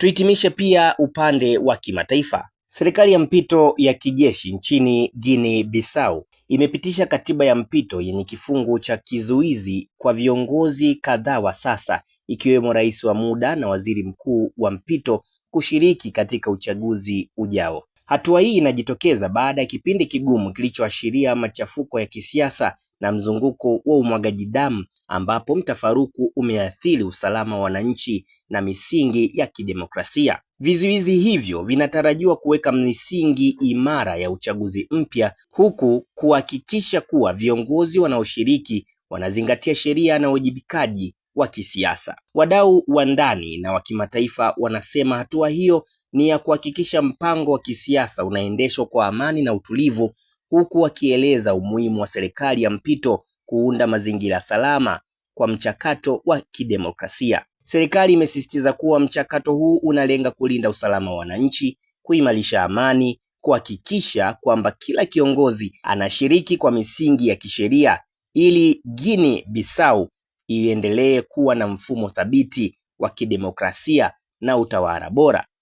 Tuhitimishe pia upande wa kimataifa. Serikali ya mpito ya kijeshi nchini Guinea Bissau imepitisha katiba ya mpito yenye kifungu cha kizuizi kwa viongozi kadhaa wa sasa ikiwemo rais wa muda na waziri mkuu wa mpito kushiriki katika uchaguzi ujao. Hatua hii inajitokeza baada ya kipindi kigumu kilichoashiria machafuko ya kisiasa na mzunguko wa umwagaji damu ambapo mtafaruku umeathiri usalama wa wananchi na misingi ya kidemokrasia. Vizuizi hivyo vinatarajiwa kuweka misingi imara ya uchaguzi mpya huku kuhakikisha kuwa viongozi wanaoshiriki wanazingatia sheria na uwajibikaji wa kisiasa. Wadau wa ndani na wa kimataifa wanasema hatua hiyo ni ya kuhakikisha mpango wa kisiasa unaendeshwa kwa amani na utulivu huku akieleza umuhimu wa serikali ya mpito kuunda mazingira salama kwa mchakato wa kidemokrasia. Serikali imesisitiza kuwa mchakato huu unalenga kulinda usalama wa wananchi, kuimarisha amani, kuhakikisha kwamba kila kiongozi anashiriki kwa misingi ya kisheria ili Guinea Bissau iendelee kuwa na mfumo thabiti wa kidemokrasia na utawala bora.